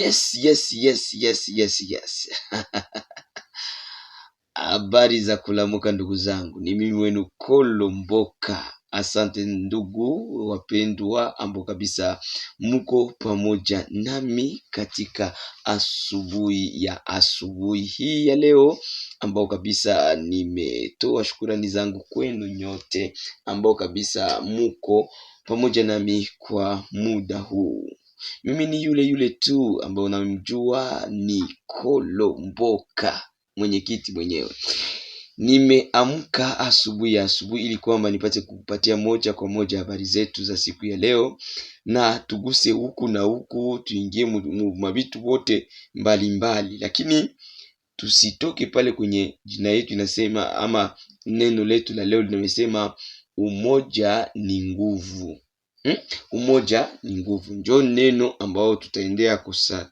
Yes, yes, yes, yes, yes, yes. Habari za kulamuka ndugu zangu, ni mimi wenu Kolomboka. Asante ndugu wapendwa, ambao kabisa mko pamoja nami katika asubuhi ya asubuhi hii ya leo, ambao kabisa nimetoa shukurani zangu kwenu nyote, ambao kabisa muko pamoja nami kwa muda huu mimi ni yule yule tu ambaye unamjua Nikolo Mboka, mwenyekiti mwenyewe. Nimeamka asubuhi ya asubuhi ili kwamba nipate kukupatia moja kwa moja habari zetu za siku ya leo, na tuguse huku na huku, tuingie mavitu wote mbalimbali mbali. Lakini tusitoke pale kwenye jina yetu inasema, ama neno letu la leo linasema umoja ni nguvu. Hmm? Umoja ni nguvu. Njoo neno ambao tutaendea kusali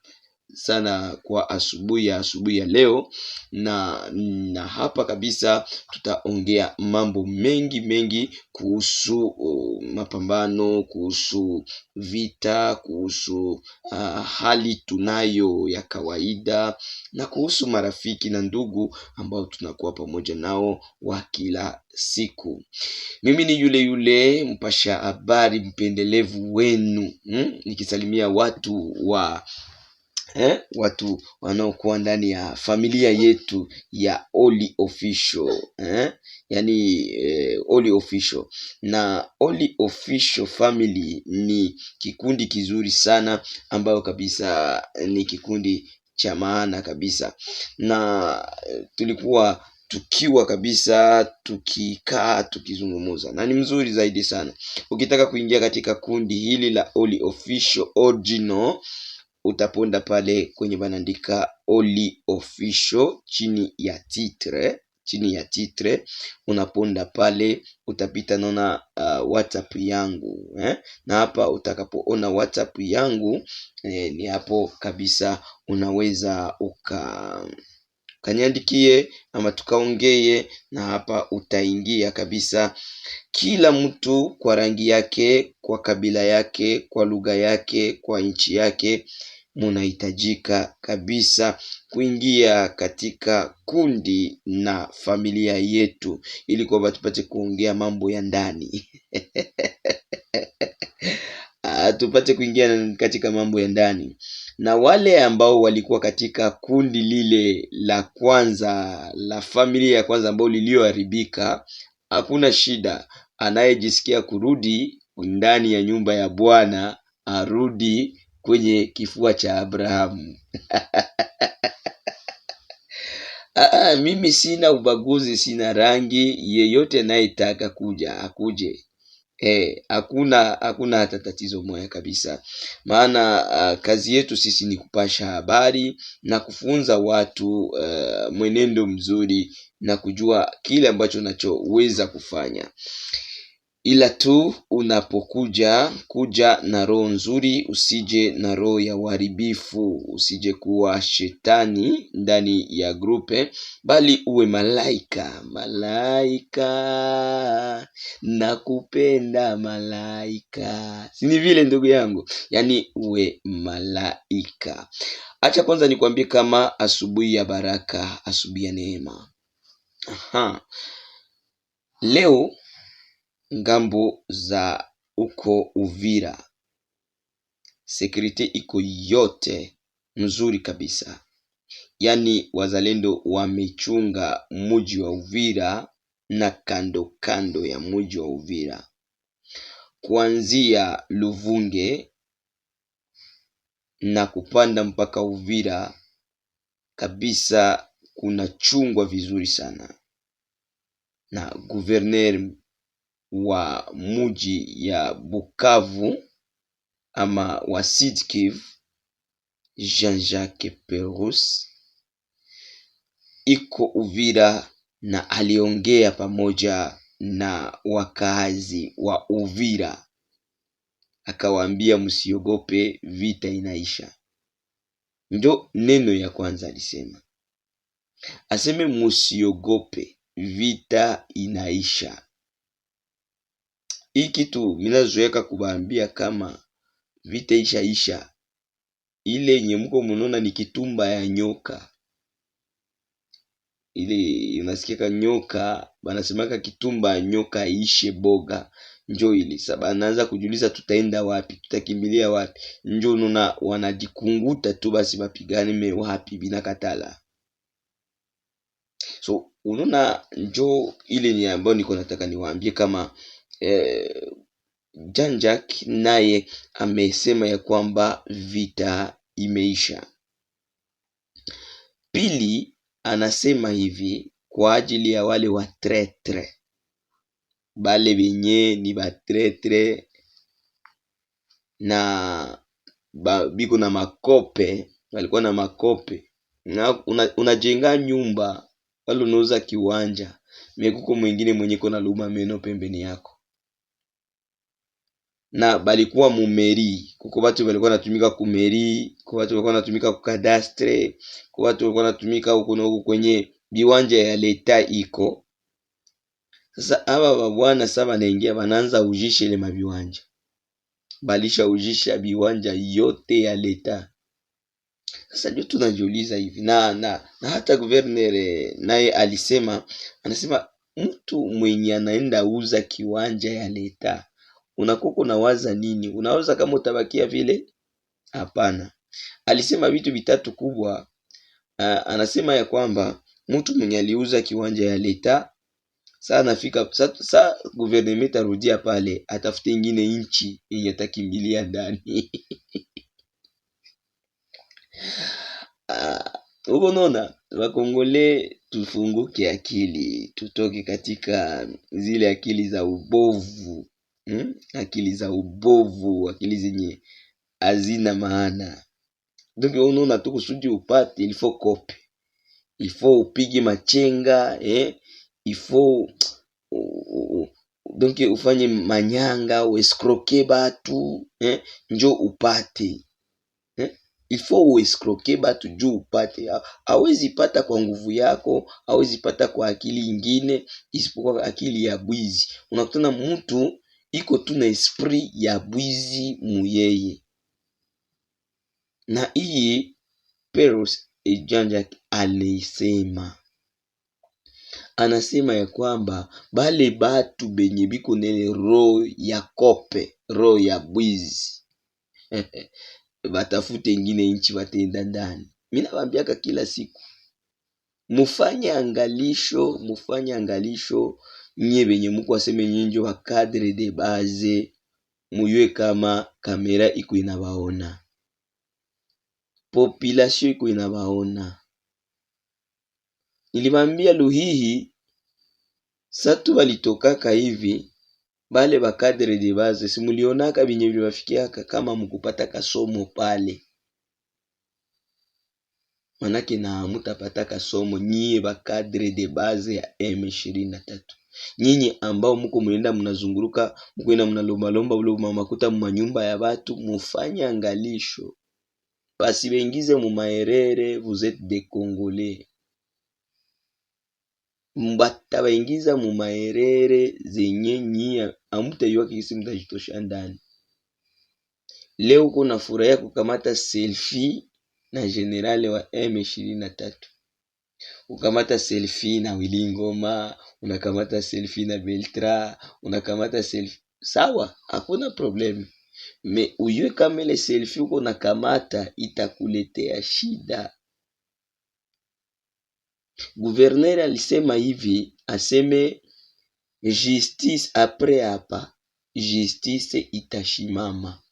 sana kwa asubuhi ya asubuhi ya leo na, na hapa kabisa tutaongea mambo mengi mengi kuhusu uh, mapambano, kuhusu vita, kuhusu uh, hali tunayo ya kawaida na kuhusu marafiki na ndugu ambao tunakuwa pamoja nao wa kila siku. Mimi ni yule yule mpasha habari mpendelevu wenu hmm? Nikisalimia watu wa eh, watu wanaokuwa ndani ya familia yetu ya Holy Official eh, yani eh, Holy Official na Holy Official family ni kikundi kizuri sana ambayo kabisa eh, ni kikundi cha maana kabisa, na eh, tulikuwa tukiwa kabisa tukikaa tukizungumuza, na ni mzuri zaidi sana. Ukitaka kuingia katika kundi hili la Holy Official original utaponda pale kwenye banaandika Holly Official chini ya titre chini ya titre unaponda pale, utapita naona uh, WhatsApp yangu eh? Na hapa utakapoona WhatsApp yangu eh, ni hapo kabisa unaweza uka kanyandikie ama tukaongeye, na hapa utaingia kabisa. Kila mtu kwa rangi yake, kwa kabila yake, kwa lugha yake, kwa nchi yake, munahitajika kabisa kuingia katika kundi na familia yetu, ili kwamba tupate kuongea mambo ya ndani Ah, tupate kuingia katika mambo ya ndani, na wale ambao walikuwa katika kundi lile la kwanza la familia ya kwanza ambao liliyoharibika, hakuna shida, anayejisikia kurudi ndani ya nyumba ya Bwana arudi kwenye kifua cha Abrahamu. Aa, ah, mimi sina ubaguzi, sina rangi. Yeyote anayetaka kuja akuje. Eh, hakuna hakuna hata tatizo moja kabisa, maana uh, kazi yetu sisi ni kupasha habari na kufunza watu uh, mwenendo mzuri na kujua kile ambacho unachoweza kufanya ila tu unapokuja kuja na roho nzuri, usije na roho ya uharibifu, usije kuwa shetani ndani ya grupe, bali uwe malaika. Malaika, nakupenda malaika, ni vile ndugu yangu, yani uwe malaika. Acha kwanza nikwambie kama asubuhi ya baraka, asubuhi ya neema. Aha. Leo ngambo za uko Uvira. Sekurite iko yote mzuri kabisa, yaani wazalendo wamechunga muji wa Uvira na kando kando ya muji wa Uvira kuanzia Luvunge na kupanda mpaka Uvira kabisa, kuna chungwa vizuri sana na guverner wa muji ya Bukavu ama wa Sud Kivu, Jean-Jacques Perus iko Uvira na aliongea pamoja na wakazi wa Uvira, akawaambia msiogope, vita inaisha. Ndio neno ya kwanza alisema, aseme musiogope, vita inaisha. Hii kitu minazoeka kubaambia kama vite ishaisha, ile yenye mko munona ni kitumba ya nyoka, ile inasikika nyoka, banasemaka kitumba ya nyoka ishe boga, njo ilisa. Banaanza kujuliza tutaenda wapi, tutakimbilia wapi, njo nuna wanajikunguta tu, basi bapigane me wapi binakatala. So unona njo ile ni ambayo niko nataka niwaambie kama eh, Janjak naye amesema ya kwamba vita imeisha. Pili anasema hivi kwa ajili ya wale wa tretre bale benye ni batretre na ba, biko na makope, walikuwa na makope na unajenga una nyumba wala unauza kiwanja, mekuko mwingine mwenye kona luma meno pembeni yako na balikuwa mumeri, kuko batu balikuwa natumika kumeri, kuko batu balikuwa natumika kukadastre, kuko batu balikuwa natumika huko na huko kwenye biwanja ya leta iko. Sasa aba babwana sa banaingia bananza ujisha ile mabiwanja, balisha ujisha biwanja yote ya leta. Sasa ndio tunajiuliza hivi na, na, na hata guverner naye alisema, anasema mtu mwenye anaenda uza kiwanja ya leta unakuko unawaza nini? Unawaza kama utabakia vile? Hapana. Alisema vitu vitatu kubwa. Uh, anasema ya kwamba mtu mwenye aliuza kiwanja ya leta saa nafika saa, saa gouvernement pale, atafute ingine nchi yenye atakimbilia ndani huko. Uh, unaona Wakongole, tufunguke akili, tutoke katika zile akili za ubovu hmm? akili za ubovu, akili zenye hazina maana. Donc unaona tu kusudi upate ilifo kope, ilifo upige machenga eh? ilifo donc ufanye manyanga ueskroke batu eh? njo upate eh? ilifo ueskroke batu juu upate. Awezi pata kwa nguvu yako, awezi pata kwa akili ingine isipokuwa akili ya bwizi. Unakutana mtu iko tu na esprit ya bwizi muyeye na iyi Peros Ejanja alisema anasema ya kwamba bale batu benye biko nele roho ya kope, roho ya bwizi batafute ngine nchi batenda ndani. Mina bambiaka kila siku mufanye angalisho, mufanye angalisho nye benye muko aseme nyinjo wa kadre de base muyue kama kamera iko inabaona, population iko inabaona. Nilibambia Luhihi satu balitokaka hivi bale ba kadre de base, simulionaka binye bibafikiaka kama mukupata kasomo pale, manake na mutapata kasomo nyie ba cadre de base ya M23 nyinyi ambao mko mnaenda mnazunguruka mkuenda mnalombalomba ule makuta manyumba ya batu mufanye angalisho basi bengize mumaerere vous êtes des congolais batabaingiza mumaerere zenye nyia amutaiwa kisi mtajitosha ndani leo uko na furahia kukamata selfie na generale wa M23 ukamata selfie na Willy Ngoma, unakamata selfie na Beltra, unakamata selfie sawa, hakuna problemu me uyue kama ile selfie uko nakamata itakuletea shida. Guverner alisema hivi, aseme justice apres hapa justice itashimama.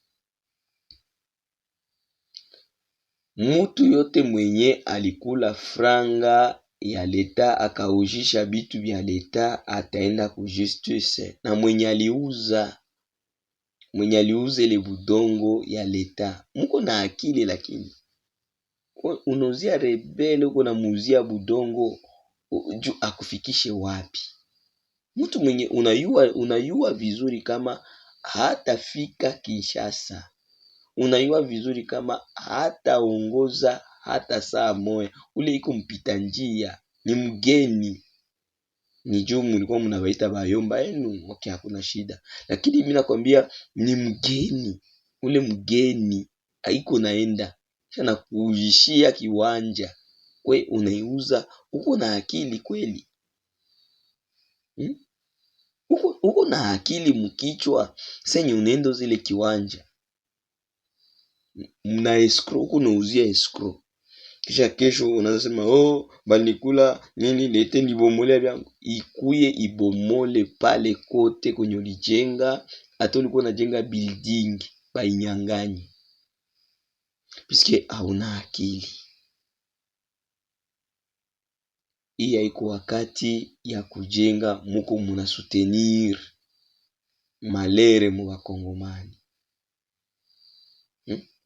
Mutu yote mwenye alikula franga ya leta akaujisha bitu bya leta ataenda ku justice, na mwenye aliuza mwenye aliuza ile budongo ya leta muko na akili, lakini unauzia rebele uko namuuzia budongo juu akufikishe wapi? Mtu mwenye unayua unayua vizuri kama hatafika Kinshasa unaiwa vizuri kama hata ongoza hata saa moya, ule iko mpita njia, ni mgeni ni juu mulikuwa mnawaita bayomba yenu. Okay, hakuna shida, lakini mimi nakwambia ni mgeni. Ule mgeni haiko naenda na kuishia kiwanja, kwe unaiuza, uko na akili kweli hmm? Uko, uko na akili mkichwa senye unaenda zile kiwanja mna escrow huku unauzia escrow, kisha kesho unaanza sema oh, balinikula nini, lete nibomolea vyangu. Ikuye ibomole pale kote kwenye ulijenga, hata ulikuwa unajenga building, bainyanganye piske hauna akili. Hii haiko wakati ya kujenga, muko muna soutenir malere mu Wakongomani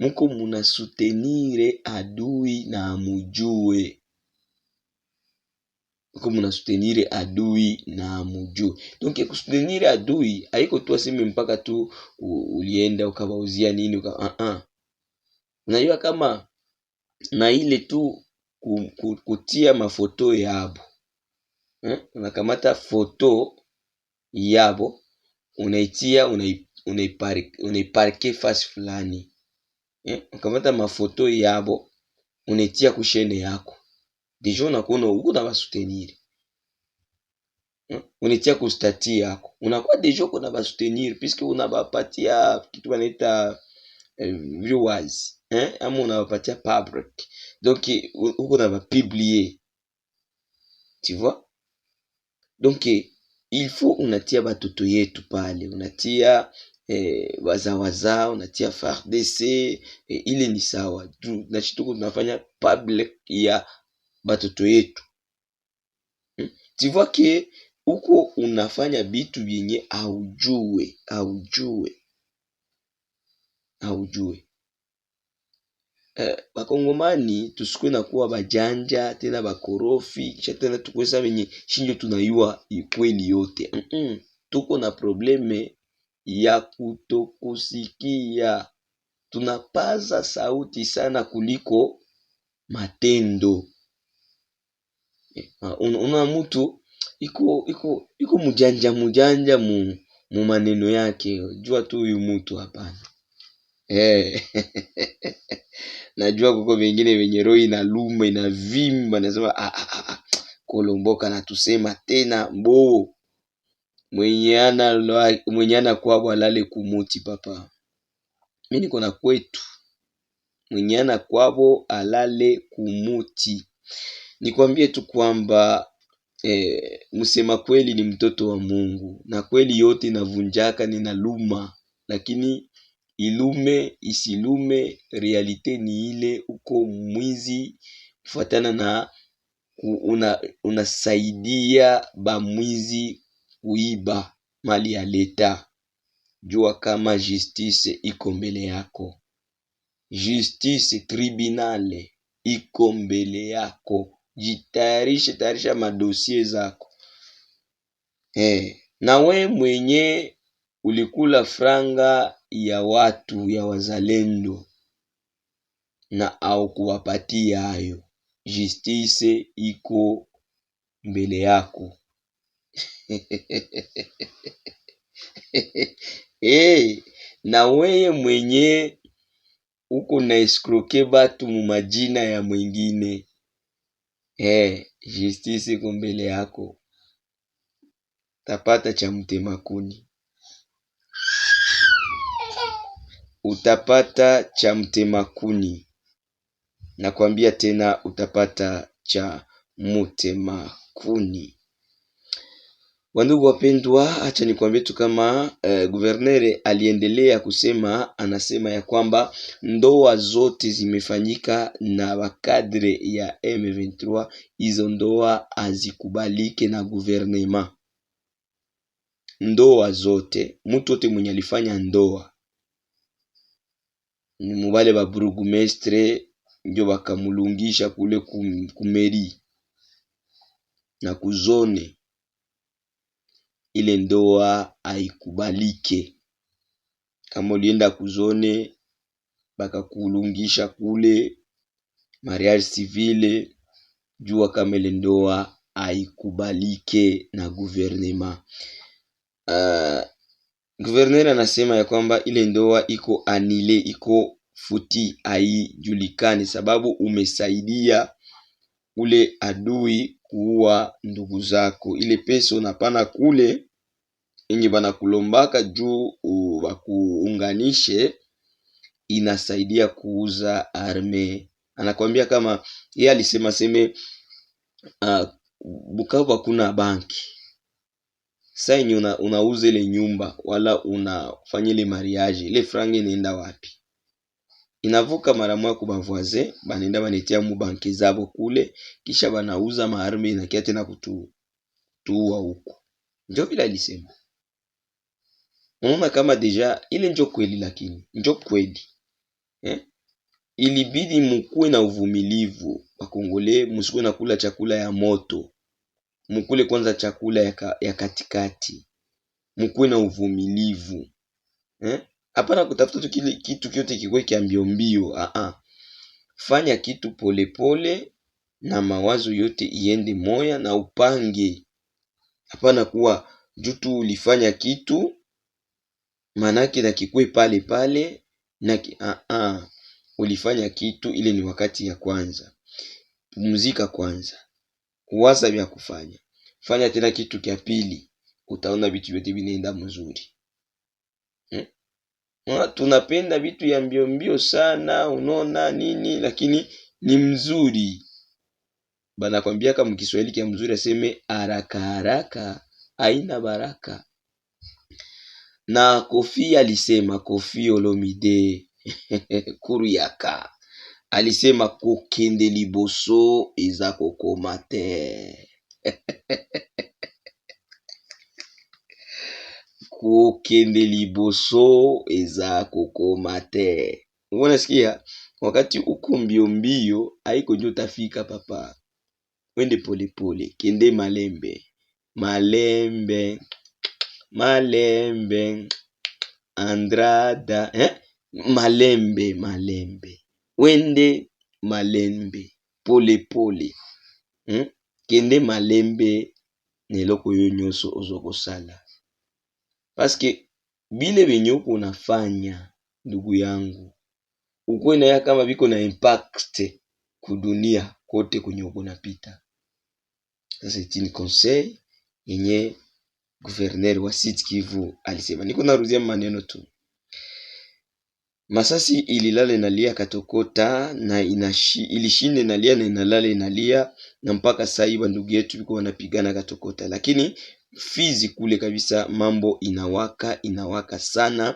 muko munasutenire adui na amujue, muko munasutenire adui na amujue. Donc kusutenire adui haiko tu aseme mpaka tu ulienda ukabauzia nini uka, uh ah, -uh. Ah. Unajua kama na ile tu kutia mafoto yabo eh? Unakamata foto yabo unaitia unaiparke una fasi fulani eh, ukamata mafoto yabo unetia kushene yako deja unakuwa uko na basoutenir eh, unetia kustati yako unakuwa deja uko na basoutenir puisque unabapatia kitu wanaita eh, viewers eh, ama unabapatia public donc uko na bapublier tu vois donc il faut unatia batoto yetu pale unatia e, eh, wazawaza unatia FARDC e, eh, ile ni sawa tu, na kitu tunafanya public ya batoto yetu hmm? Tivua ke huko unafanya bitu vyenye aujue aujue aujue Bakongomani eh, uh, tusikwe na kuwa bajanja tena bakorofi kisha tena tukwesa venye shinjo tunayua ikweli yote mm -mm. Tuko na probleme ya kutokusikia. Tunapaza sauti sana kuliko matendo. Eh, Unaona mtu iko iko iko mujanja mujanja mu, mu maneno yake, jua tu huyu mtu hapana. Eh. Najua kuko vingine vyenye roho inaluma inavimba, nasema ah, ah, ah, ah Kolomboka tusema tena mbo ana kwabo alale kumuti papa, mi niko na kwetu ana kwabo alale kumuti. Nikwambie tu kwamba eh, msema kweli ni mtoto wa Mungu, na kweli yote inavunjaka ninaluma, lakini ilume isilume, realite ni ile, uko mwizi kufatana na una, unasaidia bamwizi kuiba mali ya leta. Jua kama justice iko mbele yako, justice tribunale iko mbele yako. Jitayarishe, tayarisha madosie zako eh. Na we mwenye ulikula franga ya watu ya wazalendo na au kuwapatia hayo, justice iko mbele yako. Hey, na weye mwenye uko na escroke batu mu majina ya mwingine hey, eh, justice iko mbele yako, utapata cha mtema kuni, utapata cha mtema kuni. Nakwambia tena utapata cha mtemakuni kuni. Wandugu wapendwa, acha nikwambie tu kama eh, guvernere aliendelea kusema, anasema ya kwamba ndoa zote zimefanyika na wakadre ya M23, hizo ndoa hazikubalike na guvernema. Ndoa zote, mtu wote mwenye alifanya ndoa ni mubale ba burugumestre ndio bakamulungisha kule kumeri na kuzone ile ndoa haikubalike. Kama ulienda kuzone bakakulungisha kule mariage civile, jua kama ile ndoa haikubalike na guvernema. Uh, ah, guverner anasema ya kwamba ile ndoa iko anile iko futi haijulikani, sababu umesaidia ule adui kuua ndugu zako. Ile pesa unapana kule yenye banakulombaka juu wakuunganishe, inasaidia kuuza arme. Anakwambia kama yeye alisema seme, uh, ah, Bukavu hakuna banki sa yenye unauza una ile nyumba wala unafanya ile mariage, ile franga inaenda wapi? inavuka mara moya ku bavoisin banenda banetia mu banke zabo kule, kisha banauza maarme inakia tena kutuua huko. Ndio vile alisema, naona kama deja ile njo kweli, lakini njo kweli eh? Ilibidi mukuwe na uvumilivu Wakongole, musikuwe na kula chakula ya moto, mukule kwanza chakula ya, ka, ya katikati, mukuwe na uvumilivu eh? hapana kutafuta tu kile kitu kyote kikuwe kya mbio mbio. Aa, fanya kitu polepole pole, na mawazo yote iende moya na upange. Hapana kuwa jutu ulifanya kitu manake na kikuwe pale pale na ki, aa, ulifanya kitu ile ni wakati ya kwanza. Pumzika kwanza, waza vya kufanya, fanya tena kitu kya pili, utaona vitu vyote vinaenda mzuri. Unaona, tunapenda vitu ya mbio mbio sana, unaona nini, lakini ni mzuri. Banakwambia kama Kiswahili kia mzuri aseme haraka haraka haina baraka. Na Kofi alisema, Kofi Olomide Kuriaka alisema kokende liboso eza kokoma te kokende liboso eza kokoma te unasikia wakati uko mbiombio haiko ndio utafika papa wende polepole pole. kende malembe malembe malembe andrada eh? malembe malembe wende malembe polepole pole. hmm? kende malembe na eloko oyo nyonso oza kosala Paske bile venye uko unafanya ndugu yangu, ukuwe naya kama viko na impact kudunia kote kwenye uko unapita. Sasa itini conseil yenye guverner wa Sud Kivu alisema. Niko narudia maneno tu, masasi ililala inalia katokota na inashi, ilishinde inalia na inalala inalia, na mpaka sasa hivi ndugu yetu biko wanapigana katokota, lakini Fizi kule kabisa mambo inawaka inawaka sana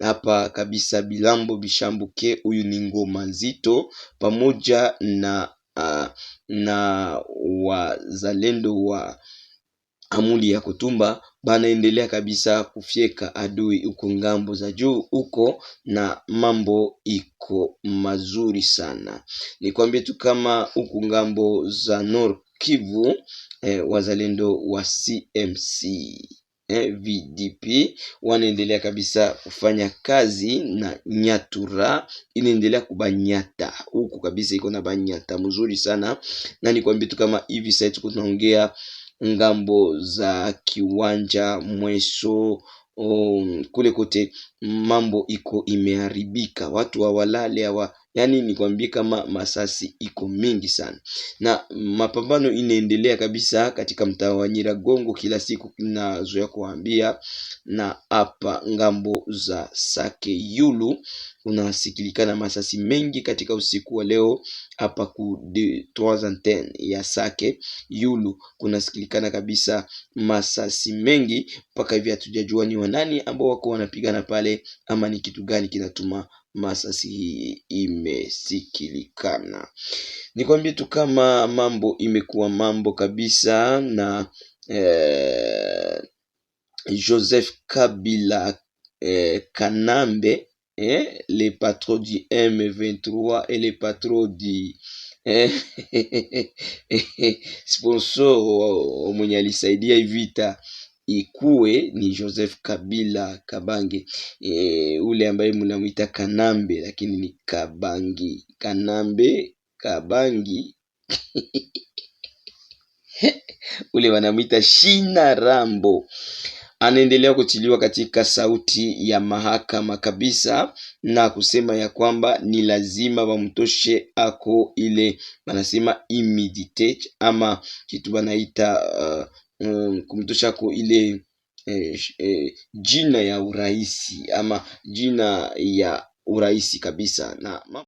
hapa kabisa, Bilambo Bishambuke, huyu ni ngoma nzito pamoja na uh, na wazalendo wa amuli ya kutumba banaendelea kabisa kufyeka adui uko ngambo za juu huko, na mambo iko mazuri sana. Nikwambie tu kama huko ngambo za North Kivu eh, wazalendo wa CMC eh, VDP wanaendelea kabisa kufanya kazi na Nyatura inaendelea kubanyata huku kabisa, iko na banyata mzuri sana, na nikwambie tu kama hivi sasa tuko tunaongea ngambo za kiwanja Mweso um, kule kote mambo iko imeharibika, watu hawalale hawa yaani kwambie kama masasi iko mingi sana, na mapambano inaendelea kabisa katika mtaa wa Nyiragongo kila siku, inazoea kuambia na hapa ngambo za Sake Yulu kunasikilikana masasi mengi katika usiku wa leo hapa ku ya Sake Yulu kunasikilikana kabisa masasi mengi, mpaka hivi hatujajua ni wanani ambao wako wanapigana pale ama ni kitu gani kinatuma masasi hii imesikilikana. kwambie tu kama mambo imekuwa mambo kabisa na eh, Joseph Kabila eh, Kanambe eh, le patron du M23 et le patron du eh, sponsor oh, oh, oh, mwenye alisaidia ivita ikuwe ni Joseph Kabila Kabange e, ule ambaye mnamwita Kanambe, lakini ni Kabangi, Kanambe Kabangi ule wanamwita Shina Rambo anaendelea kutiliwa katika sauti ya mahakama kabisa, na kusema ya kwamba ni lazima wamtoshe ako ile wanasema immediate ama kitu wanaita uh, um, kumtosha kwa ile eh, eh, jina ya urahisi ama jina ya urahisi kabisa na